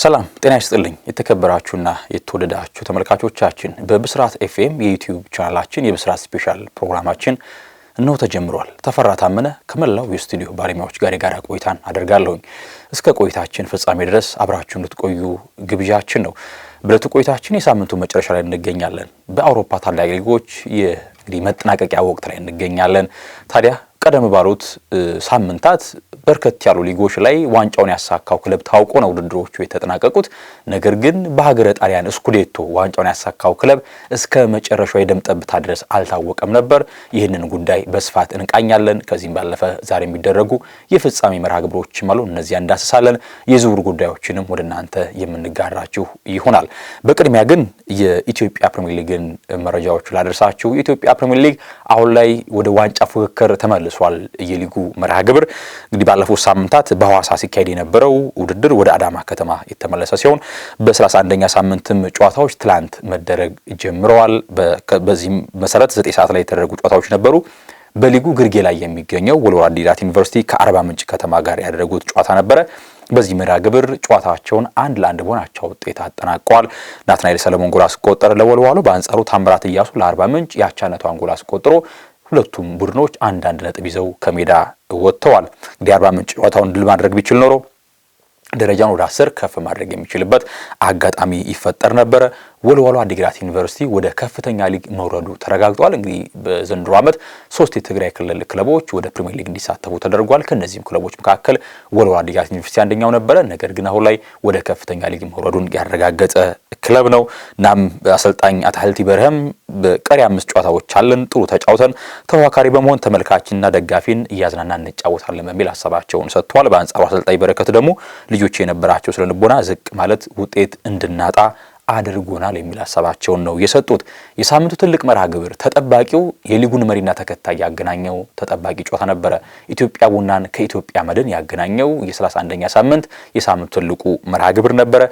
ሰላም ጤና ይስጥልኝ። የተከበራችሁና የተወደዳችሁ ተመልካቾቻችን በብስራት ኤፍኤም የዩቲዩብ ቻናላችን የብስራት ስፔሻል ፕሮግራማችን እነሆ ተጀምሯል። ተፈራ ታመነ ከመላው የስቱዲዮ ባለሙያዎች ጋር የጋራ ቆይታን አደርጋለሁኝ። እስከ ቆይታችን ፍጻሜ ድረስ አብራችሁ እንድትቆዩ ግብዣችን ነው። ብለቱ ቆይታችን የሳምንቱ መጨረሻ ላይ እንገኛለን። በአውሮፓ ታላቅ ሊጎች የእንግዲህ መጠናቀቂያ ወቅት ላይ እንገኛለን። ታዲያ ቀደም ባሉት ሳምንታት በርከት ያሉ ሊጎች ላይ ዋንጫውን ያሳካው ክለብ ታውቆ ነው ውድድሮቹ የተጠናቀቁት። ነገር ግን በሀገረ ጣሊያን እስኩዴቶ ዋንጫውን ያሳካው ክለብ እስከ መጨረሻው የደም ጠብታ ድረስ አልታወቀም ነበር። ይህንን ጉዳይ በስፋት እንቃኛለን። ከዚህም ባለፈ ዛሬ የሚደረጉ የፍጻሜ መርሃ ግብሮችም አሉ። እነዚያ እንዳስሳለን። የዝውውር ጉዳዮችንም ወደ እናንተ የምንጋራችሁ ይሆናል። በቅድሚያ ግን የኢትዮጵያ ፕሪሚየር ሊግን መረጃዎቹ ላደርሳችሁ። የኢትዮጵያ ፕሪሚየር ሊግ አሁን ላይ ወደ ዋንጫ ፉክክር ተመልሶ ተመልሷል። የሊጉ መርሃ ግብር እንግዲህ ባለፉት ሳምንታት በሐዋሳ ሲካሄድ የነበረው ውድድር ወደ አዳማ ከተማ የተመለሰ ሲሆን በ31ኛ ሳምንትም ጨዋታዎች ትላንት መደረግ ጀምረዋል። በዚህም መሰረት 9 ሰዓት ላይ የተደረጉ ጨዋታዎች ነበሩ። በሊጉ ግርጌ ላይ የሚገኘው ወልዋሎ ዓዲግራት ዩኒቨርሲቲ ከአርባ ምንጭ ከተማ ጋር ያደረጉት ጨዋታ ነበረ። በዚህ መርሃ ግብር ጨዋታቸውን አንድ ለአንድ በሆናቸው ውጤት አጠናቀዋል። ናትናኤል ሰለሞን ጎል አስቆጠረ ለወልዋሎ። በአንጻሩ ታምራት እያሱ ለአርባ ምንጭ የአቻነቷን ጎል አስቆጥሮ ሁለቱም ቡድኖች አንዳንድ ነጥብ ይዘው ከሜዳ ወጥተዋል። እንግዲህ አርባ ምንጭ ጨዋታውን ድል ማድረግ ቢችል ኖሮ ደረጃን ወደ አስር ከፍ ማድረግ የሚችልበት አጋጣሚ ይፈጠር ነበረ። ወልዋሎ ዓዲግራት ዩኒቨርሲቲ ወደ ከፍተኛ ሊግ መውረዱ ተረጋግጧል። እንግዲህ በዘንድሮ ዓመት ሶስት የትግራይ ክልል ክለቦች ወደ ፕሪሚየር ሊግ እንዲሳተፉ ተደርጓል። ከእነዚህም ክለቦች መካከል ወልዋሎ ዓዲግራት ዩኒቨርሲቲ አንደኛው ነበረ። ነገር ግን አሁን ላይ ወደ ከፍተኛ ሊግ መውረዱን ያረጋገጠ ክለብ ነው። እናም አሰልጣኝ አታህልቲ በርህም በቀሪ አምስት ጨዋታዎች አለን፣ ጥሩ ተጫውተን ተዋካሪ በመሆን ተመልካችንና ደጋፊን እያዝናና እንጫወታለን በሚል ሀሳባቸውን ሰጥተዋል። በአንጻሩ አሰልጣኝ በረከት ደግሞ ልጆች የነበራቸው ስለልቦና ዝቅ ማለት ውጤት እንድናጣ አድርጎናል የሚል ሀሳባቸውን ነው የሰጡት። የሳምንቱ ትልቅ መርሃ ግብር ተጠባቂው የሊጉን መሪና ተከታይ ያገናኘው ተጠባቂ ጨዋታ ነበረ። ኢትዮጵያ ቡናን ከኢትዮጵያ መድን ያገናኘው የ31ኛ ሳምንት የሳምንቱ ትልቁ መርሃ ግብር ነበረ።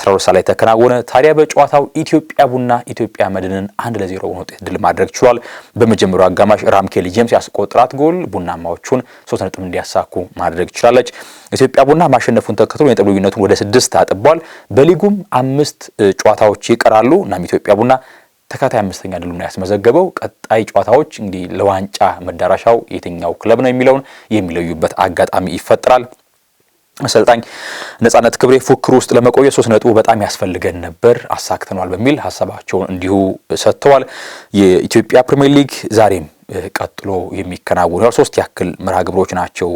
12 ሰዓት ላይ ተከናወነ። ታዲያ በጨዋታው ኢትዮጵያ ቡና ኢትዮጵያ መድንን አንድ ለዜሮ በሆነ ውጤት ድል ማድረግ ችሏል። በመጀመሪያው አጋማሽ ራምኬል ጄምስ ያስቆጥራት ጎል ቡናማዎቹን ሶስት ነጥብ እንዲያሳኩ ማድረግ ችላለች። ኢትዮጵያ ቡና ማሸነፉን ተከትሎ የነጥብ ልዩነቱን ወደ ስድስት አጥቧል። በሊጉም አምስት ጨዋታዎች ይቀራሉ። እናም ኢትዮጵያ ቡና ተከታታይ አምስተኛ ነው ያስመዘገበው ቀጣይ ጨዋታዎች እንግዲህ ለዋንጫ መዳረሻው የትኛው ክለብ ነው የሚለውን የሚለዩበት አጋጣሚ ይፈጠራል። አሰልጣኝ ነጻነት ክብሬ ፉክር ውስጥ ለመቆየት ሶስት ነጥቡ በጣም ያስፈልገን ነበር አሳክተኗል በሚል ሀሳባቸውን እንዲሁ ሰጥተዋል። የኢትዮጵያ ፕሪምየር ሊግ ዛሬም ቀጥሎ የሚከናወኑ ያው ሶስት ያክል መርሃ ግብሮች ናቸው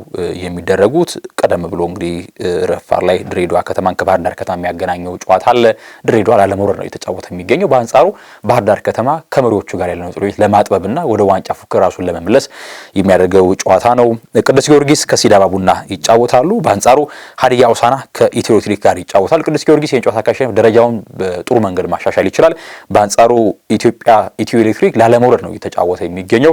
የሚደረጉት። ቀደም ብሎ እንግዲህ ረፋር ላይ ድሬዳዋ ከተማን ከባህር ዳር ከተማ የሚያገናኘው ጨዋታ አለ። ድሬዳዋ ላለመውረድ ነው የተጫወተ የሚገኘው። በአንጻሩ ባህር ዳር ከተማ ከመሪዎቹ ጋር ያለነው ጥሎች ለማጥበብና ወደ ዋንጫ ፉክር ራሱን ለመመለስ የሚያደርገው ጨዋታ ነው። ቅዱስ ጊዮርጊስ ከሲዳማ ቡና ይጫወታሉ። በአንጻሩ ሀዲያ ሆሳዕና ከኢትዮ ኤሌክትሪክ ጋር ይጫወታል። ቅዱስ ጊዮርጊስ ይህን ጨዋታ ካሸነፈ ደረጃውን በጥሩ መንገድ ማሻሻል ይችላል። በአንጻሩ ኢትዮጵያ ኢትዮ ኤሌክትሪክ ላለመውረድ ነው እየተጫወተ የሚገኘው።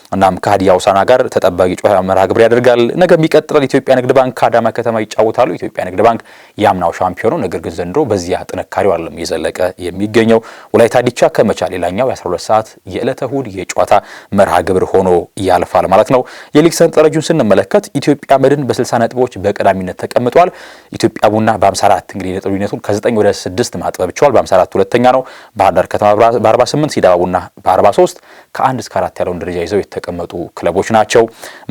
እናም ከሀዲያ ሆሳዕና ጋር ተጠባቂ ጨዋታ መርሃ ግብር ያደርጋል። ነገም ይቀጥላል። ኢትዮጵያ ንግድ ባንክ ከአዳማ ከተማ ይጫወታሉ። ኢትዮጵያ ንግድ ባንክ የአምናው ሻምፒዮኑ፣ ነገር ግን ዘንድሮ በዚያ ጥንካሬው አለም እየዘለቀ የሚገኘው። ወላይታ ዲቻ ከመቻ ሌላኛው የ12 ሰዓት የዕለተ እሁድ የጨዋታ መርሃ ግብር ሆኖ ያልፋል ማለት ነው። የሊግ ሰንጠረዡን ስንመለከት ኢትዮጵያ መድን በ60 ነጥቦች በቀዳሚነት ተቀምጧል። ኢትዮጵያ ቡና በ54 እንግዲህ ነጥብ ልዩነቱን ከ9 ወደ 6 ማጥበብ ችሏል። በ54 ሁለተኛ ነው። ባህር ከተማ በ48 ሲዳማ ቡና በ43 ከ1 እስከ 4 ያለውን ደረጃ ይዘው የተ የተቀመጡ ክለቦች ናቸው።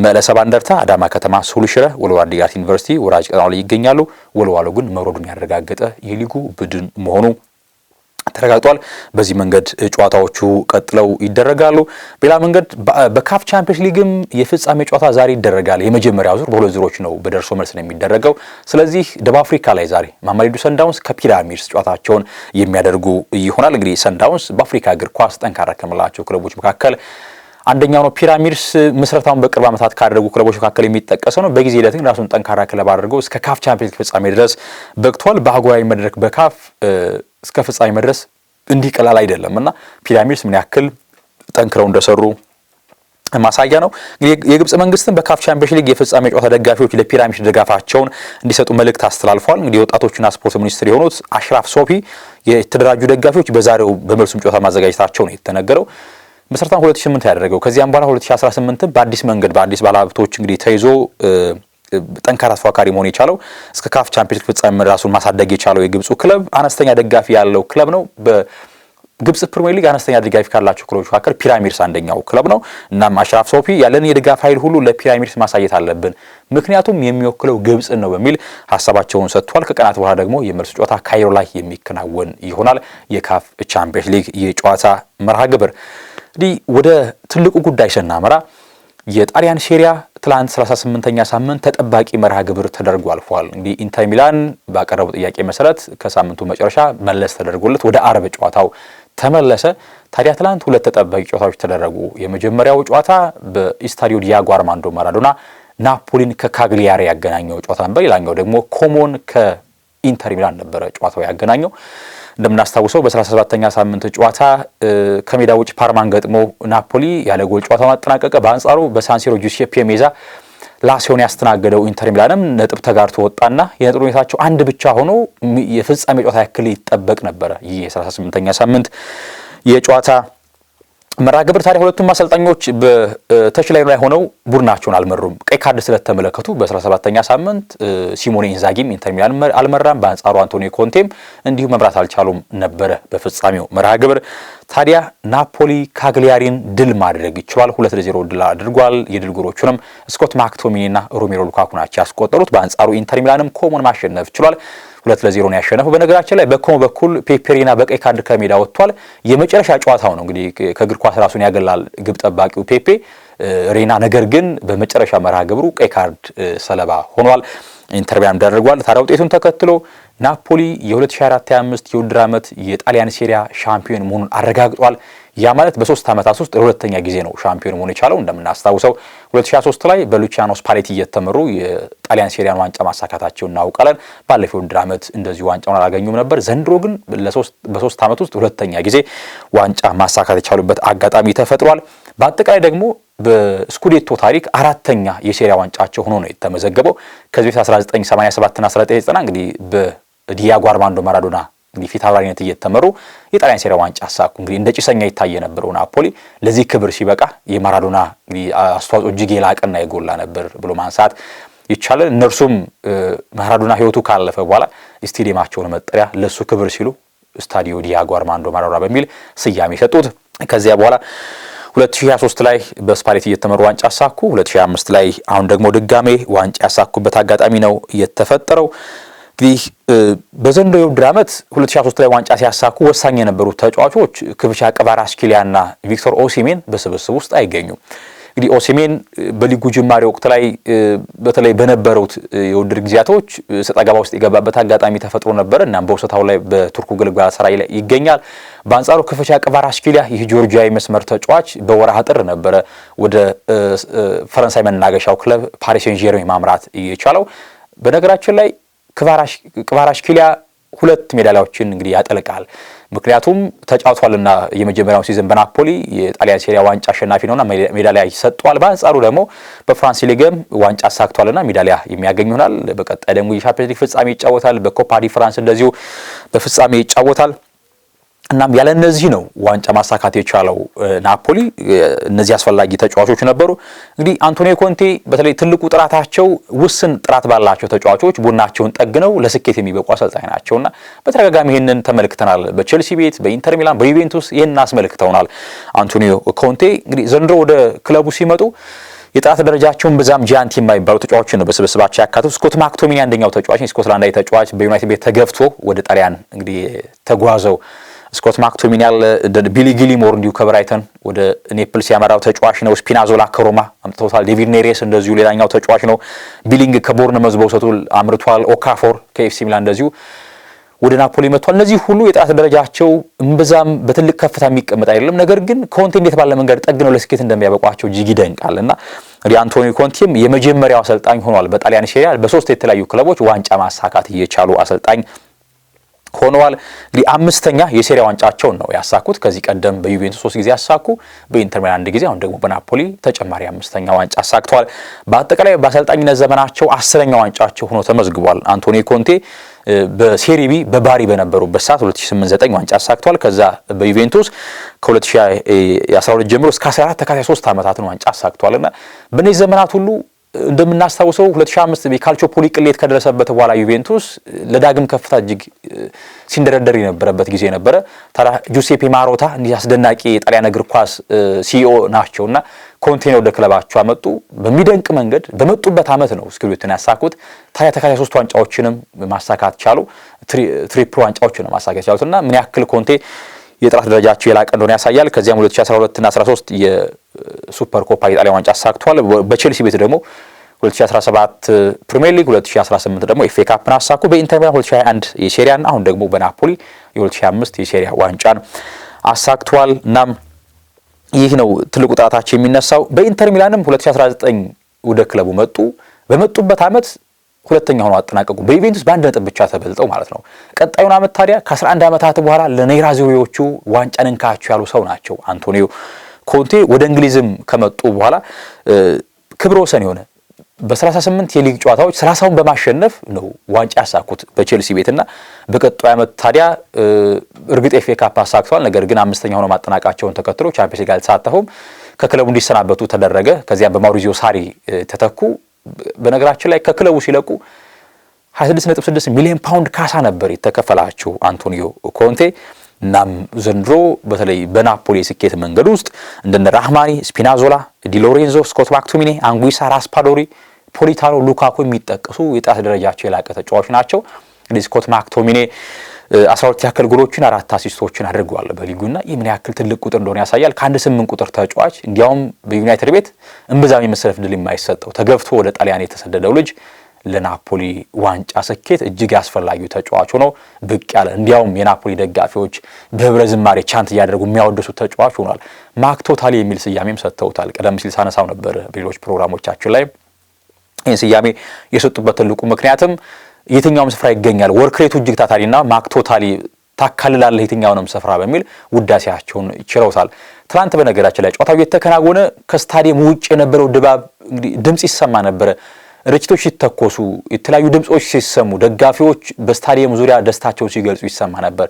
መቀለ ሰባ እንደርታ፣ አዳማ ከተማ፣ ሶል ሽረ፣ ወልዋሎ ዓዲግራት ዩኒቨርሲቲ ወራጅ ቀጠናው ላይ ይገኛሉ። ወልዋሎ ግን መውረዱን ያረጋገጠ የሊጉ ቡድን መሆኑ ተረጋግጧል። በዚህ መንገድ ጨዋታዎቹ ቀጥለው ይደረጋሉ። በሌላ መንገድ በካፍ ቻምፒየንስ ሊግም የፍጻሜ ጨዋታ ዛሬ ይደረጋል። የመጀመሪያው ዙር በሁለት ዙሮች ነው በደርሶ መልስ ነው የሚደረገው። ስለዚህ ደቡብ አፍሪካ ላይ ዛሬ ማማሪዱ ሰንዳውንስ ከፒራሚድስ ጨዋታቸውን የሚያደርጉ ይሆናል። እንግዲህ ሰንዳውንስ በአፍሪካ እግር ኳስ ጠንካራ ከምላቸው ክለቦች መካከል አንደኛው ነው። ፒራሚድስ ምስረታውን በቅርብ ዓመታት ካደረጉ ክለቦች መካከል የሚጠቀሰው ነው። በጊዜ ሂደት ግን ራሱን ጠንካራ ክለብ አድርገው እስከ ካፍ ቻምፒዮንስ ፍጻሜ ድረስ በቅቷል። በአህጉራዊ መድረክ በካፍ እስከ ፍጻሜ መድረስ እንዲህ ቀላል አይደለም እና ፒራሚድስ ምን ያክል ጠንክረው እንደሰሩ ማሳያ ነው። የግብጽ መንግስትም በካፍ ቻምፒዮንስ ሊግ የፍጻሜ ጨዋታ ደጋፊዎች ለፒራሚድ ድጋፋቸውን እንዲሰጡ መልእክት አስተላልፏል። እንግዲህ የወጣቶችና ስፖርት ሚኒስትር የሆኑት አሽራፍ ሶፊ የተደራጁ ደጋፊዎች በዛሬው በመልሱም ጨዋታ ማዘጋጀታቸው ነው የተነገረው። ምስረታን 2008 ያደረገው ከዚያም በኋላ 2018 በአዲስ መንገድ በአዲስ ባለሀብቶች እንግዲህ ተይዞ ጠንካራ ተፎካካሪ መሆን የቻለው እስከ ካፍ ቻምፒዮንስ ፍጻሜ ራሱን ማሳደግ የቻለው የግብፁ ክለብ አነስተኛ ደጋፊ ያለው ክለብ ነው። በግብፅ ፕሪሚየር ሊግ አነስተኛ ደጋፊ ካላቸው ክለቦች መካከል ፒራሚድስ አንደኛው ክለብ ነው። እናም አሽራፍ ሶፊ ያለን የድጋፍ ኃይል ሁሉ ለፒራሚድስ ማሳየት አለብን፣ ምክንያቱም የሚወክለው ግብፅን ነው በሚል ሀሳባቸውን ሰጥቷል። ከቀናት በኋላ ደግሞ የመልስ ጨዋታ ካይሮ ላይ የሚከናወን ይሆናል። የካፍ ቻምፒዮንስ ሊግ የጨዋታ መርሃ ግብር እንግዲህ ወደ ትልቁ ጉዳይ ስናመራ የጣሊያን ሴሪያ ትላንት 38ኛ ሳምንት ተጠባቂ መርሃ ግብር ተደርጎ አልፏል። እንግዲህ ኢንተር ሚላን ባቀረበው ጥያቄ መሰረት ከሳምንቱ መጨረሻ መለስ ተደርጎለት ወደ አርብ ጨዋታው ተመለሰ። ታዲያ ትላንት ሁለት ተጠባቂ ጨዋታዎች ተደረጉ። የመጀመሪያው ጨዋታ በኢስታዲዮ ዲያጎ አርማንዶ ማራዶና ናፖሊን ከካግሊያሪ ያገናኘው ጨዋታ ነበር። ሌላኛው ደግሞ ኮሞን ከኢንተር ሚላን ነበረ ጨዋታው ያገናኘው። እንደምናስታውሰው በ37ኛ ሳምንት ጨዋታ ከሜዳ ውጭ ፓርማን ገጥሞ ናፖሊ ያለ ጎል ጨዋታ ማጠናቀቀ። በአንጻሩ በሳንሲሮ ጁሴፔ ሜዛ ላሲዮን ያስተናገደው ኢንተር ሚላንም ነጥብ ተጋርቶ ወጣና የነጥብ ሁኔታቸው አንድ ብቻ ሆኖ የፍጻሜ ጨዋታ ያክል ይጠበቅ ነበረ። ይህ የ38ኛ ሳምንት የጨዋታ መርሃ ግብር ታዲያ ሁለቱም አሰልጣኞች በተችላዩ ላይ ሆነው ቡድናቸውን አልመሩም። ቀይ ካርድ ስለተመለከቱ በ17ኛ ሳምንት ሲሞኔ ኢንዛጊም ኢንተር ሚላን አልመራም። በአንጻሩ አንቶኒ ኮንቴም እንዲሁ መምራት አልቻሉም ነበረ። በፍጻሜው መርሃ ግብር ታዲያ ናፖሊ ካግሊያሪን ድል ማድረግ ይችሏል። ሁለት ለዜሮ ድል አድርጓል። የድል ጎሎቹንም ስኮት ማክቶሚኒና ሮሜሮ ሉካኩ ናቸው ያስቆጠሩት። በአንጻሩ ኢንተር ሚላንም ኮሞን ማሸነፍ ችሏል። ሁለት ለዜሮ ነው ያሸነፈው። በነገራችን ላይ በኮሞ በኩል ፔፔሪና በቀይ ካርድ ከሜዳ ወጥቷል። የመጨረሻ ጨዋታው ነው እንግዲህ ከእግር ኳስ ራሱን ያገላል ግብ ጠባቂው ፔፔ ሬና። ነገር ግን በመጨረሻ መርሃ ግብሩ ቀይ ካርድ ሰለባ ሆኗል። ኢንተርቪያም ደርጓል። ታዲያ ውጤቱን ተከትሎ ናፖሊ የ2024/25 የውድድር ዓመት የጣሊያን ሴሪያ ሻምፒዮን መሆኑን አረጋግጧል። ያ ማለት በሶስት ዓመታት ውስጥ ለሁለተኛ ጊዜ ነው ሻምፒዮን መሆን የቻለው። እንደምናስታውሰው 2023 ላይ በሉቺያኖ ስፓሌቲ እየተመሩ የጣሊያን ሴሪያን ዋንጫ ማሳካታቸው እናውቃለን። ባለፈው ውድድር ዓመት እንደዚሁ ዋንጫውን አላገኙም ነበር። ዘንድሮ ግን በሶስት ዓመት ውስጥ ሁለተኛ ጊዜ ዋንጫ ማሳካት የቻሉበት አጋጣሚ ተፈጥሯል። በአጠቃላይ ደግሞ በስኩዴቶ ታሪክ አራተኛ የሴሪያ ዋንጫቸው ሆኖ ነው የተመዘገበው። ከዚህ በፊት 1987ና 1990 እንግዲህ በዲያጎ አርማንዶ ማራዶና እንግዲህ ፊት እየተመሩ የጣሊያን ሴራ ዋንጫ አሳኩ። እንግዲህ እንደ ጭሰኛ ይታይ የነበረው ናፖሊ ለዚህ ክብር ሲበቃ የማራዶና አስተዋጽኦ እጅግ የላቀና የጎላ ነበር ብሎ ማንሳት ይቻላል። እነርሱም ማራዶና ህይወቱ ካለፈ በኋላ ስቴዲየማቸውን መጠሪያ ለእሱ ክብር ሲሉ ስታዲዮ ዲያጎ አርማንዶ ማራዶና በሚል ስያሜ ሰጡት። ከዚያ በኋላ 2023 ላይ በስፓሌት እየተመሩ ዋንጫ አሳኩ። 2025 ላይ አሁን ደግሞ ድጋሜ ዋንጫ ያሳኩበት አጋጣሚ ነው የተፈጠረው። እንግዲህ በዘንድሮው የውድድር ዓመት 2023 ላይ ዋንጫ ሲያሳኩ ወሳኝ የነበሩት ተጫዋቾች ክብሻ ቅቫራትስኬሊያና ቪክቶር ኦሲሜን በስብስብ ውስጥ አይገኙም። እንግዲህ ኦሲሜን በሊጉ ጅማሬ ወቅት ላይ በተለይ በነበሩት የውድድር ጊዜያቶች ሰጠገባ ውስጥ የገባበት አጋጣሚ ተፈጥሮ ነበረ። እናም በውሰታው ላይ በቱርኩ ጋላታሳራይ ላይ ይገኛል። በአንጻሩ ክብሻ ቅቫራትስኬሊያ ይህ ጆርጂያዊ መስመር ተጫዋች በወርሃ ጥር ነበረ ወደ ፈረንሳይ መናገሻው ክለብ ፓሪስ ሴን ዠርሜን ማምራት የቻለው። በነገራችን ላይ ክቫራሽኪሊያ ሁለት ሜዳሊያዎችን እንግዲህ ያጠልቃል። ምክንያቱም ተጫውቷልና የመጀመሪያው ሲዝን በናፖሊ የጣሊያን ሴሪያ ዋንጫ አሸናፊ ነውና ሜዳሊያ ይሰጠዋል። በአንጻሩ ደግሞ በፍራንስ ሊግም ዋንጫ አሳክቷልና ሜዳሊያ የሚያገኝ ይሆናል። በቀጣይ ደግሞ የሻምፒዮንስ ሊግ ፍጻሜ ይጫወታል። በኮፓ ዲ ፍራንስ እንደዚሁ በፍጻሜ ይጫወታል። እናም ያለ እነዚህ ነው ዋንጫ ማሳካት የቻለው ናፖሊ። እነዚህ አስፈላጊ ተጫዋቾች ነበሩ። እንግዲህ አንቶኒዮ ኮንቴ በተለይ ትልቁ ጥራታቸው ውስን ጥራት ባላቸው ተጫዋቾች ቡናቸውን ጠግነው ለስኬት የሚበቁ አሰልጣኝ ናቸውና በተደጋጋሚ ይህንን ተመልክተናል። በቼልሲ ቤት፣ በኢንተር ሚላን፣ በዩቬንቱስ ይህን አስመልክተውናል። አንቶኒዮ ኮንቴ እንግዲህ ዘንድሮ ወደ ክለቡ ሲመጡ የጥራት ደረጃቸውን ብዛም ጃያንት የማይባሉ ተጫዋቾችን ነው በስብስባቸው ያካተቱ። ስኮት ማክቶሚኒ አንደኛው ተጫዋች፣ ስኮትላንዳዊ ተጫዋች በዩናይትድ ቤት ተገፍቶ ወደ ጣሊያን እንግዲህ ተጓዘው ስኮት ማክቶሚን ያለ ቢሊ ጊሊሞር እንዲሁ ከብራይተን ወደ ኔፕልስ ያመራው ተጫዋች ነው። ስፒናዞላ ከሮማ አምጥተውታል። ዴቪድ ኔሬስ እንደዚሁ ሌላኛው ተጫዋች ነው። ቢሊንግ ከቦርንመዝ በውሰቱ አምርቷል። ኦካፎር ከኤፍሲ ሚላን እንደዚሁ ወደ ናፖሊ መጥቷል። እነዚህ ሁሉ የጥራት ደረጃቸው እምብዛም በትልቅ ከፍታ የሚቀመጥ አይደለም። ነገር ግን ኮንቴ እንዴት ባለ መንገድ ጠግነው ለስኬት እንደሚያበቋቸው እጅግ ይደንቃል እና እንግዲህ አንቶኒ ኮንቴም የመጀመሪያው አሰልጣኝ ሆኗል። በጣሊያን ሴሪያ በሶስት የተለያዩ ክለቦች ዋንጫ ማሳካት እየቻሉ አሰልጣኝ ሆነዋል። እንግዲህ አምስተኛ የሴሪያ ዋንጫቸውን ነው ያሳኩት። ከዚህ ቀደም በዩቬንቱስ ሶስት ጊዜ ያሳኩ፣ በኢንተር ሚላን አንድ ጊዜ፣ አሁን ደግሞ በናፖሊ ተጨማሪ አምስተኛ ዋንጫ አሳክተዋል። በአጠቃላይ በአሰልጣኝነት ዘመናቸው አስረኛ ዋንጫቸው ሆኖ ተመዝግቧል። አንቶኒ ኮንቴ በሴሪቢ በባሪ በነበሩበት ሰዓት 2089 ዋንጫ አሳክተዋል። ከዛ በዩቬንቱስ ከ2012 ጀምሮ እስከ 14 ተከታታይ 3 ዓመታትን ዋንጫ አሳክተዋል እና በእነዚህ ዘመናት ሁሉ እንደምናስታውሰው 2005 የካልቾፖሊ ቅሌት ከደረሰበት በኋላ ዩቬንቱስ ለዳግም ከፍታ እጅግ ሲንደረደር የነበረበት ጊዜ ነበረ። ታዲያ ጁሴፔ ማሮታ እንዲህ አስደናቂ የጣሊያን እግር ኳስ ሲኢኦ ናቸውና ኮንቴን ወደ ክለባቸው አመጡ። በሚደንቅ መንገድ በመጡበት አመት ነው ስኩዴቶን ያሳኩት። ታዲያ ተከታታይ ሶስት ዋንጫዎችንም ማሳካት ቻሉ። ትሪፕል ዋንጫዎችንም ማሳካት እና ምን ያክል ኮንቴ የጥራት ደረጃቸው የላቀ እንደሆነ ያሳያል። ከዚያም 2012 እና 13 ሱፐር ኮፓ የጣሊያን ዋንጫ አሳክቷል። በቼልሲ ቤት ደግሞ 2017 ፕሪሚየር ሊግ፣ 2018 ደግሞ ኤፍ ኤ ካፕን አሳኩ። በኢንተር ሚላን 2021 የሴሪያና አሁን ደግሞ በናፖሊ የ2025 የሴሪያ ዋንጫን አሳክቷል። እናም ይህ ነው ትልቁ ጥራታቸው የሚነሳው። በኢንተር ሚላንም 2019 ወደ ክለቡ መጡ። በመጡበት ዓመት ሁለተኛ ሆኖ አጠናቀቁ። በኢቬንቱስ በአንድ ነጥብ ብቻ ተበልጠው ማለት ነው። ቀጣዩን ዓመት ታዲያ ከ11 ዓመታት በኋላ ለኔራዙሪዎቹ ዋንጫን እንካችሁ ያሉ ሰው ናቸው አንቶኒዮ ኮንቴ ወደ እንግሊዝም ከመጡ በኋላ ክብረ ወሰን የሆነ በ38 የሊግ ጨዋታዎች 30ውን በማሸነፍ ነው ዋንጫ ያሳኩት በቼልሲ ቤትና በቀጣዩ ዓመት ታዲያ እርግጥ ኤፍ ኤ ካፕ አሳክተዋል። ነገር ግን አምስተኛ ሆነው ማጠናቃቸውን ተከትሎ ቻምፒየንስ ሊግ አልተሳተፉም። ከክለቡ እንዲሰናበቱ ተደረገ። ከዚያም በማውሪዚዮ ሳሪ ተተኩ። በነገራችን ላይ ከክለቡ ሲለቁ 26.6 ሚሊዮን ፓውንድ ካሳ ነበር የተከፈላቸው አንቶኒዮ ኮንቴ እናም ዘንድሮ በተለይ በናፖሊ የስኬት መንገድ ውስጥ እንደነ ራህማኒ፣ ስፒናዞላ፣ ዲሎሬንዞ፣ ስኮት ማክቶሚኔ፣ አንጉሳ፣ ራስፓዶሪ፣ ፖሊታኖ፣ ሉካኮ የሚጠቀሱ የጣት ደረጃቸው የላቀ ተጫዋች ናቸው። እንግዲህ ስኮት ማክቶሚኔ አስራ ሁለት ያክል ጎሎችን አራት አሲስቶችን አድርገዋል በሊጉና ይህ ምን ያክል ትልቅ ቁጥር እንደሆነ ያሳያል። ከአንድ ስምንት ቁጥር ተጫዋች እንዲያውም በዩናይትድ ቤት እምብዛም የመሰለፍ ድል የማይሰጠው ተገፍቶ ወደ ጣሊያን የተሰደደው ልጅ ለናፖሊ ዋንጫ ስኬት እጅግ አስፈላጊው ተጫዋች ሆኖ ብቅ ያለ እንዲያውም የናፖሊ ደጋፊዎች በህብረ ዝማሬ ቻንት እያደረጉ የሚያወደሱት ተጫዋች ሆኗል። ማክቶታል የሚል ስያሜም ሰጥተውታል። ቀደም ሲል ሳነሳው ነበር በሌሎች ፕሮግራሞቻችን ላይ ይህን ስያሜ የሰጡበት ትልቁ ምክንያትም የትኛውም ስፍራ ይገኛል ወርክሬቱ እጅግ ታታሪና ማክቶታሊ ታካልላለህ የትኛውንም ስፍራ በሚል ውዳሴያቸውን ችለውታል። ትናንት በነገራችን ላይ ጨዋታው የተከናወነ ከስታዲየም ውጭ የነበረው ድባብ እንግዲህ ድምፅ ይሰማ ነበረ። ርችቶች ሲተኮሱ የተለያዩ ድምፆች ሲሰሙ ደጋፊዎች በስታዲየም ዙሪያ ደስታቸውን ሲገልጹ ይሰማ ነበር።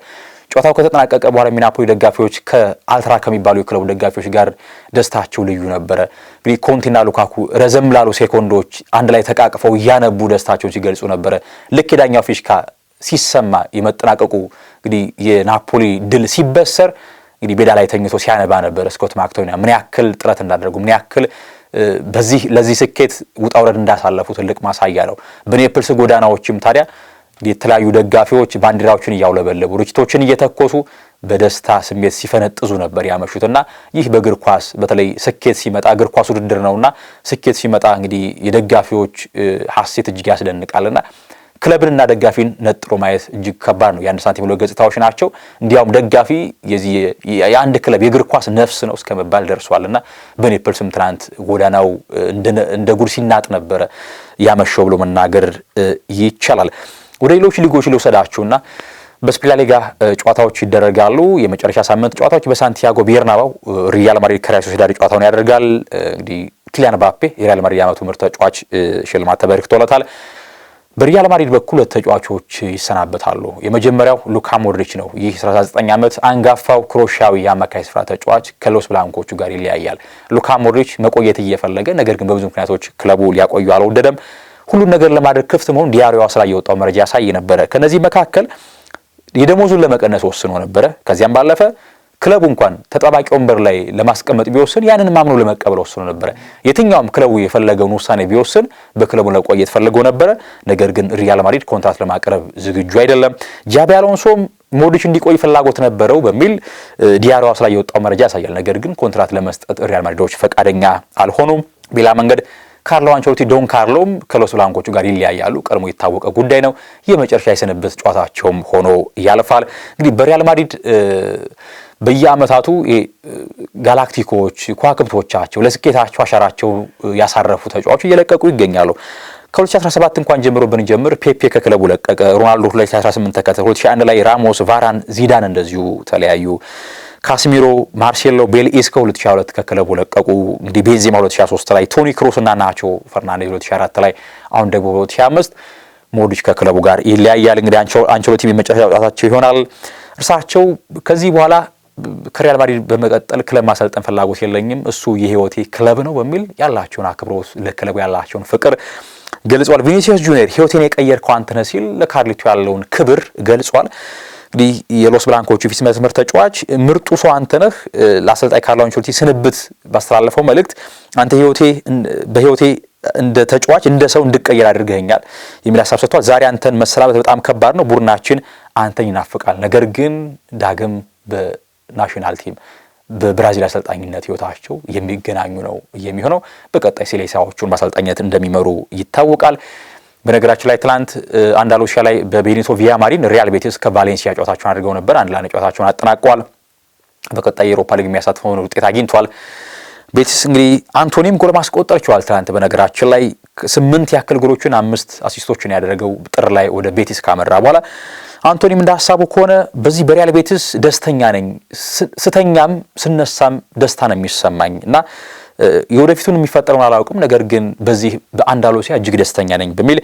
ጨዋታው ከተጠናቀቀ በኋላ የናፖሊ ደጋፊዎች ከአልትራ ከሚባሉ የክለቡ ደጋፊዎች ጋር ደስታቸው ልዩ ነበረ። እንግዲህ ኮንቲና ሉካኩ ረዘም ላሉ ሴኮንዶች አንድ ላይ ተቃቅፈው እያነቡ ደስታቸውን ሲገልጹ ነበረ። ልክ የዳኛው ፊሽካ ሲሰማ የመጠናቀቁ እንግዲህ የናፖሊ ድል ሲበሰር እንግዲህ ሜዳ ላይ ተኝቶ ሲያነባ ነበር ስኮት ማክቶኒያ ምን ያክል ጥረት እንዳደረጉ ምን ያክል በዚህ ለዚህ ስኬት ውጣውረድ እንዳሳለፉ ትልቅ ማሳያ ነው። በኔፕልስ ጎዳናዎችም ታዲያ የተለያዩ ደጋፊዎች ባንዲራዎችን እያውለበለቡ ርችቶችን እየተኮሱ በደስታ ስሜት ሲፈነጥዙ ነበር ያመሹትና ይህ በእግር ኳስ በተለይ ስኬት ሲመጣ እግር ኳስ ውድድር ነውና ስኬት ሲመጣ እንግዲህ የደጋፊዎች ሀሴት እጅግ ያስደንቃልና ክለብንና ደጋፊን ነጥሮ ማየት እጅግ ከባድ ነው። የአንድ ሳንቲም ሁለት ገጽታዎች ናቸው። እንዲያውም ደጋፊ የዚህ የአንድ ክለብ የእግር ኳስ ነፍስ ነው እስከ መባል ደርሷልና በኔፕልስም ትናንት ጎዳናው እንደ ጉድ ሲናጥ ነበረ ያመሸው ብሎ መናገር ይቻላል። ወደ ሌሎች ሊጎች ልውሰዳችሁና በስፔን ላሊጋ ጨዋታዎች ይደረጋሉ። የመጨረሻ ሳምንት ጨዋታዎች በሳንቲያጎ ቤርናባው ሪያል ማድሪድ ከሪያል ሶሲዳድ ጨዋታውን ያደርጋል። እንግዲህ ኪሊያን ባፔ የሪያል ማድሪድ የዓመቱ ምርጥ ተጫዋች ሽልማት ተበርክቶለታል። በሪያል ማድሪድ በኩል ተጫዋቾች ይሰናበታሉ። የመጀመሪያው ሉካ ሞድሪች ነው። ይህ 39 ዓመት አንጋፋው ክሮሻዊ የአማካይ ስፍራ ተጫዋች ከሎስ ብላንኮቹ ጋር ይለያያል። ሉካ ሞድሪች መቆየት እየፈለገ ነገር ግን በብዙ ምክንያቶች ክለቡ ሊያቆዩ አልወደደም። ሁሉን ነገር ለማድረግ ክፍት መሆኑ ዲያሪዋ ስራ የወጣው መረጃ ያሳይ ነበረ። ከነዚህ መካከል የደሞዙን ለመቀነስ ወስኖ ነበረ። ከዚያም ባለፈ ክለቡ እንኳን ተጠባቂ ወንበር ላይ ለማስቀመጥ ቢወስን ያንን ማምኖ ለመቀበል ወስኖ ነበረ። የትኛውም ክለቡ የፈለገውን ውሳኔ ቢወስን በክለቡ ለቆየት ፈልገው ነበረ። ነገር ግን ሪያል ማድሪድ ኮንትራት ለማቅረብ ዝግጁ አይደለም። ጃቢ አሎንሶም ሞዲች እንዲቆይ ፍላጎት ነበረው በሚል ዲያሮዋስ ላይ የወጣው መረጃ ያሳያል። ነገር ግን ኮንትራት ለመስጠት ሪያል ማድሪዶች ፈቃደኛ አልሆኑም። ሌላ መንገድ ካርሎ አንቸሎቲ ዶን ካርሎም ከሎስ ብላንኮቹ ጋር ይለያያሉ። ቀድሞ የታወቀ ጉዳይ ነው። የመጨረሻ የስንብት ጨዋታቸውም ሆኖ ያልፋል። እንግዲህ በሪያል ማድሪድ በየአመታቱ ጋላክቲኮች ኳክብቶቻቸው ለስኬታቸው አሻራቸው ያሳረፉ ተጫዋቾች እየለቀቁ ይገኛሉ። ከ2017 እንኳን ጀምሮ ብንጀምር ፔፔ ከክለቡ ለቀቀ። ሮናልዶ 2018 ተከተ። 2021 ላይ ራሞስ፣ ቫራን፣ ዚዳን እንደዚሁ ተለያዩ። ካስሚሮ፣ ማርሴሎ ከ 2022 ከክለቡ ለቀቁ። እንግዲህ ቤንዜማ 2023 ላይ፣ ቶኒ ክሮስ እና ናቾ ፈርናንዴዝ 2024 ላይ፣ አሁን ደግሞ 2025 ሞዲች ከክለቡ ጋር ይለያያል። እንግዲህ አንቸሎቲም የመጨረሻ ይሆናል። እርሳቸው ከዚህ በኋላ ከሪያል ማድሪድ በመቀጠል ክለብ ማሰልጠን ፍላጎት የለኝም፣ እሱ የህይወቴ ክለብ ነው በሚል ያላቸውን አክብሮት ለክለቡ ያላቸውን ፍቅር ገልጿል። ቪኒሲየስ ጁኒየር ህይወቴን የቀየርከው አንተ ነህ ሲል ለካርሊቶ ያለውን ክብር ገልጿል። እንግዲህ የሎስ ብላንኮቹ ፊት መስመር ተጫዋች ምርጡ ሰው አንተ ነህ፣ ለአሰልጣኝ ካርሎ አንቸሎቲ ስንብት ባስተላለፈው መልእክት አንተ ህይወቴ በህይወቴ እንደ ተጫዋች እንደ ሰው እንድቀየር አድርገኛል የሚል ሀሳብ ሰጥቷል። ዛሬ አንተን መሰናበት በጣም ከባድ ነው፣ ቡድናችን አንተን ይናፍቃል፣ ነገር ግን ዳግም ናሽናል ቲም በብራዚል አሰልጣኝነት ህይወታቸው የሚገናኙ ነው የሚሆነው። በቀጣይ ሴሌሳዎቹን በአሰልጣኝነት እንደሚመሩ ይታወቃል። በነገራችን ላይ ትላንት አንዳሉሲያ ላይ በቤኒቶ ቪያማሪን ሪያል ቤቲስ ከቫሌንሲያ ጨዋታቸውን አድርገው ነበር። አንድ ለአንድ ጨዋታቸውን አጠናቀዋል። በቀጣይ የአውሮፓ ሊግ የሚያሳትፈውን ውጤት አግኝቷል። ቤቲስ እንግዲህ አንቶኒም ጎል ማስቆጠር ችሏል ትላንት። በነገራችን ላይ ስምንት ያክል ጎሎችን አምስት አሲስቶችን ያደረገው ጥር ላይ ወደ ቤቲስ ካመራ በኋላ አንቶኒም እንደ ሀሳቡ ከሆነ በዚህ በሪያል ቤቲስ ደስተኛ ነኝ፣ ስተኛም ስነሳም ደስታ ነው የሚሰማኝ እና የወደፊቱን የሚፈጠረውን አላውቅም፣ ነገር ግን በዚህ በአንዳሎሲያ እጅግ ደስተኛ ነኝ በሚል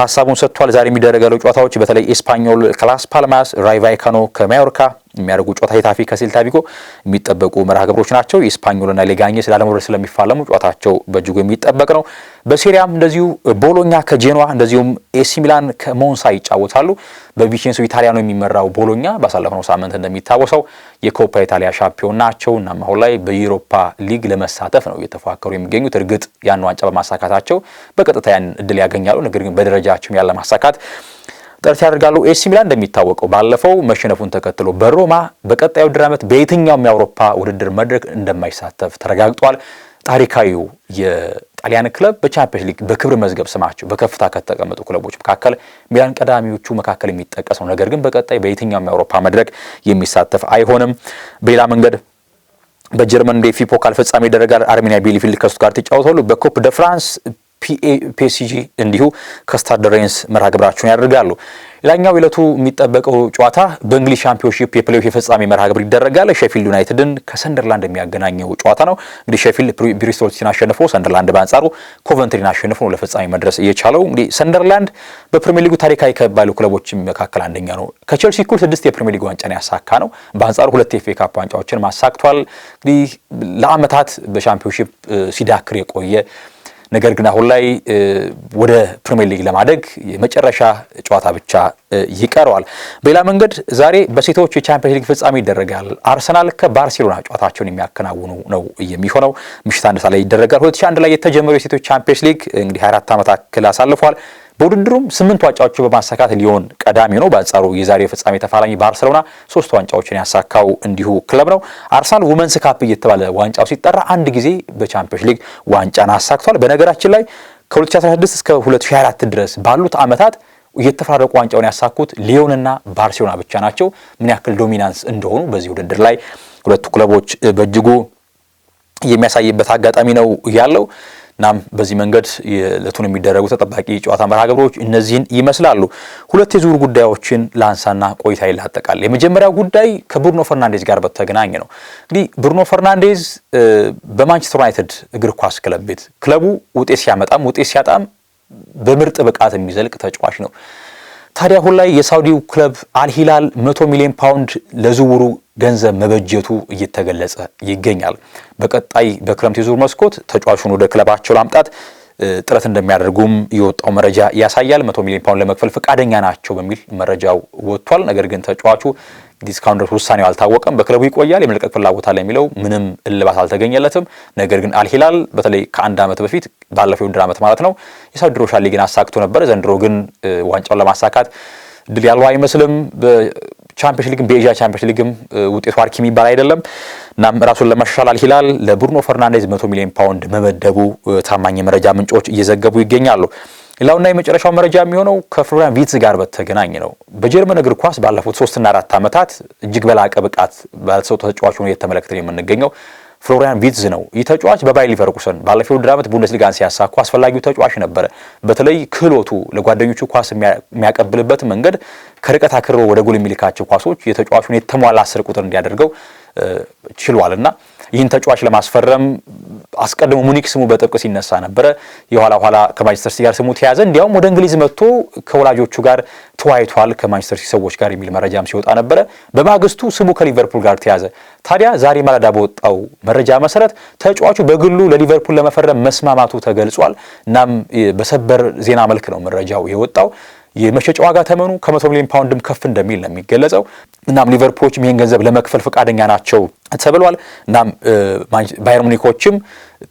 ሀሳቡን ሰጥቷል። ዛሬ የሚደረገው ጨዋታዎች በተለይ ኤስፓኞል ከላስ ፓልማስ፣ ራይቫይካኖ ከማዮርካ የሚያደርጉ ጨዋታ ሄታፌ ከሴልታ ቪጎ የሚጠበቁ መርሃ ግብሮች ናቸው። የስፓኞልና ሌጋኘ ስላለመውረድ ስለሚፋለሙ ጨዋታቸው በእጅጉ የሚጠበቅ ነው። በሴሪያም እንደዚሁ ቦሎኛ ከጄኗ እንደዚሁም ኤሲ ሚላን ከሞንሳ ይጫወታሉ። በቪቼንሶ ኢታሊያኖ የሚመራው ቦሎኛ ባሳለፍነው ሳምንት እንደሚታወሰው የኮፓ ኢታሊያ ሻምፒዮን ናቸው እና አሁን ላይ በዩሮፓ ሊግ ለመሳተፍ ነው እየተፎካከሩ የሚገኙት። እርግጥ ያን ዋንጫ በማሳካታቸው በቀጥታ ያን እድል ያገኛሉ። ነገር ግን በደረጃቸው ያለ ማሳካት ጥረት ያደርጋሉ። ኤሲ ሚላን እንደሚታወቀው ባለፈው መሸነፉን ተከትሎ በሮማ በቀጣዩ ውድድር ዓመት በየትኛውም የአውሮፓ ውድድር መድረክ እንደማይሳተፍ ተረጋግጧል። ታሪካዊ የጣሊያን ክለብ በቻምፒዮንስ ሊግ በክብር መዝገብ ስማቸው በከፍታ ከተቀመጡ ክለቦች መካከል ሚላን ቀዳሚዎቹ መካከል የሚጠቀስ ነው። ነገር ግን በቀጣይ በየትኛውም የአውሮፓ መድረክ የሚሳተፍ አይሆንም። በሌላ መንገድ በጀርመን ዴፊ ፖካል ፍጻሜ ይደረጋል። አርሜኒያ ቢሊፊልድ ጋር ይጫወታሉ። በኮፕ ደ ፍራንስ ፒኤስጂ እንዲሁ ከስታድ ሬንስ መርሃ ግብራቸውን ያደርጋሉ። ሌላኛው ዕለቱ የሚጠበቀው ጨዋታ በእንግሊዝ ሻምፒዮንሺፕ የፕሌኦፍ የፍጻሜ መርሃ ግብር ይደረጋል። ሼፊልድ ዩናይትድን ከሰንደርላንድ የሚያገናኘው ጨዋታ ነው። እንግዲህ ሼፊልድ ብሪስቶል ሲቲን አሸንፎ ሰንደርላንድ በአንጻሩ ኮቨንትሪን አሸንፎ ነው ለፍጻሜ መድረስ እየቻለው። እንግዲህ ሰንደርላንድ በፕሪሚየር ሊጉ ታሪካዊ ከባሉ ክለቦች መካከል አንደኛ ነው። ከቼልሲ እኩል ስድስት የፕሪሚየር ሊግ ዋንጫን ያሳካ ነው። በአንጻሩ ሁለት የኤፍኤ ካፕ ዋንጫዎችን ማሳክቷል። እንግዲህ ለአመታት በሻምፒዮንሺፕ ሲዳክር የቆየ ነገር ግን አሁን ላይ ወደ ፕሪሚየር ሊግ ለማደግ የመጨረሻ ጨዋታ ብቻ ይቀረዋል። በሌላ መንገድ ዛሬ በሴቶች የቻምፒየንስ ሊግ ፍጻሜ ይደረጋል። አርሰናል ከባርሴሎና ጨዋታቸውን የሚያከናውኑ ነው የሚሆነው። ምሽት አንድ ሰዓት ላይ ይደረጋል። 2001 ላይ የተጀመረው የሴቶች ቻምፒየንስ ሊግ እንግዲህ 24 ዓመት ያክል አሳልፏል። በውድድሩም ስምንት ዋንጫዎችን በማሳካት ሊዮን ቀዳሚ ነው። በአንጻሩ የዛሬ ፍጻሜ ተፋላሚ ባርሰሎና ሶስት ዋንጫዎችን ያሳካው እንዲሁ ክለብ ነው። አርሰናል ውመንስ ካፕ እየተባለ ዋንጫው ሲጠራ አንድ ጊዜ በቻምፒዮንስ ሊግ ዋንጫን አሳክቷል። በነገራችን ላይ ከ2016 እስከ 2024 ድረስ ባሉት ዓመታት የተፈራረቁ ዋንጫውን ያሳኩት ሊዮንና ባርሴሎና ብቻ ናቸው። ምን ያክል ዶሚናንስ እንደሆኑ በዚህ ውድድር ላይ ሁለቱ ክለቦች በእጅጉ የሚያሳይበት አጋጣሚ ነው ያለው። እናም በዚህ መንገድ የዕለቱን የሚደረጉ ተጠባቂ ጨዋታ መርሃ ግብሮች እነዚህን ይመስላሉ። ሁለት የዙር ጉዳዮችን ላንሳና ቆይታ ይላጠቃል። የመጀመሪያው ጉዳይ ከብሩኖ ፈርናንዴዝ ጋር በተገናኘ ነው። እንግዲህ ብሩኖ ፈርናንዴዝ በማንቸስተር ዩናይትድ እግር ኳስ ክለብ ቤት ክለቡ ውጤት ሲያመጣም ውጤት ሲያጣም በምርጥ ብቃት የሚዘልቅ ተጫዋች ነው። ታዲያ አሁን ላይ የሳውዲው ክለብ አልሂላል መቶ ሚሊዮን ፓውንድ ለዝውውሩ ገንዘብ መበጀቱ እየተገለጸ ይገኛል። በቀጣይ በክረምት የዙር መስኮት ተጫዋቹን ወደ ክለባቸው ለማምጣት ጥረት እንደሚያደርጉም የወጣው መረጃ ያሳያል። መቶ ሚሊዮን ፓውንድ ለመክፈል ፈቃደኛ ናቸው በሚል መረጃው ወጥቷል። ነገር ግን ተጫዋቹ ዲስካውንደር ውሳኔው አልታወቀም። በክለቡ ይቆያል የመልቀቅ ፍላጎት አለ የሚለው ምንም እልባት አልተገኘለትም። ነገር ግን አልሂላል በተለይ ከአንድ ዓመት በፊት ባለፈው ውድድር ዓመት ማለት ነው የሳዑዲ ፕሪሚየር ሊግን አሳክቶ ነበር። ዘንድሮ ግን ዋንጫውን ለማሳካት ድል ያለው አይመስልም። ቻምፒዮንስ ሊግም በኤዥያ ቻምፒዮንስ ሊግም ውጤቱ አርኪ የሚባል አይደለም። እናም ራሱን ለማሻሻል አልሂላል ለብሩኖ ፈርናንዴዝ መቶ ሚሊዮን ፓውንድ መመደቡ ታማኝ የመረጃ ምንጮች እየዘገቡ ይገኛሉ። ሌላውና የመጨረሻው መረጃ የሚሆነው ከፍሎሪያን ቪትዝ ጋር በተገናኝ ነው። በጀርመን እግር ኳስ ባለፉት ሶስትና አራት ዓመታት እጅግ በላቀ ብቃት ባለተሰጠው ተጫዋች ሆኖ እየተመለከትን የምንገኘው ፍሎሪያን ቪትዝ ነው። ይህ ተጫዋች በባየር ሊቨርኩሰን ባለፈው ውድድር ዓመት ቡንደስሊጋን ሲያሳኩ አስፈላጊው ተጫዋች ነበረ። በተለይ ክህሎቱ ለጓደኞቹ ኳስ የሚያቀብልበት መንገድ ከርቀት አክርሮ ወደ ጎል የሚልካቸው ኳሶች የተጫዋቹን የተሟላ አስር ቁጥር እንዲያደርገው ችሏል እና ይህን ተጫዋች ለማስፈረም አስቀድሞ ሙኒክ ስሙ በጥብቅ ሲነሳ ነበረ። የኋላ ኋላ ከማንቸስተር ሲቲ ጋር ስሙ ተያዘ። እንዲያውም ወደ እንግሊዝ መጥቶ ከወላጆቹ ጋር ተወያይቷል ከማንቸስተር ሲቲ ሰዎች ጋር የሚል መረጃም ሲወጣ ነበረ። በማግስቱ ስሙ ከሊቨርፑል ጋር ተያዘ። ታዲያ ዛሬ ማለዳ በወጣው መረጃ መሰረት ተጫዋቹ በግሉ ለሊቨርፑል ለመፈረም መስማማቱ ተገልጿል። እናም በሰበር ዜና መልክ ነው መረጃው የወጣው። የመሸጫ ዋጋ ተመኑ ከመቶ ሚሊዮን ፓውንድም ከፍ እንደሚል ነው የሚገለጸው። እናም ሊቨርፑሎችም ይህን ገንዘብ ለመክፈል ፈቃደኛ ናቸው ተብሏል። እናም ባየር ሙኒኮችም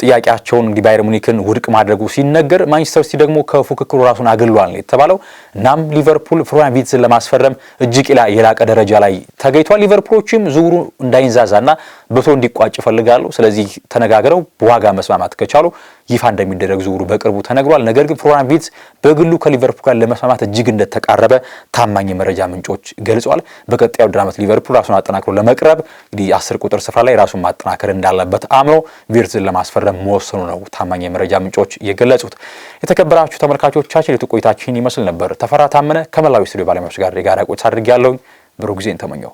ጥያቄያቸውን እንግዲህ ባየር ሙኒክን ውድቅ ማድረጉ ሲነገር ማንቸስተር ሲቲ ደግሞ ከፉክክሩ ራሱን አግሏል የተባለው። እናም ሊቨርፑል ፍሎሪያን ቪትዝን ለማስፈረም እጅግ የላቀ ደረጃ ላይ ተገኝቷል። ሊቨርፑሎችም ዝውውሩ እንዳይንዛዛና በቶ እንዲቋጭ ይፈልጋሉ። ስለዚህ ተነጋግረው በዋጋ መስማማት ከቻሉ ይፋ እንደሚደረግ ዝውውሩ በቅርቡ ተነግሯል። ነገር ግን ፍሎሪያን ቪትዝ በግሉ ከሊቨርፑል ጋር ለመስማማት እጅግ እንደተቃረበ ታማኝ የመረጃ ምንጮች ገልጿል። በቀጣዩ ድራመት ሊቨርፑል ራሱን አጠናክሮ ለመቅረብ እንግዲህ አስር ቁጥር ስፍራ ላይ ራሱን ማጠናከር እንዳለበት አምኖ ቪርትዝን ለማስፈረም መወሰኑ ነው ታማኝ የመረጃ ምንጮች የገለጹት። የተከበራችሁ ተመልካቾቻችን የቱ ቆይታችን ይመስል ነበር። ተፈራ ታመነ ከመላዊ ስቱዲዮ ባለሙያዎች ጋር የጋራ ቆይታ አድርጌ ያለውኝ ብሩህ ጊዜን ተመኘው።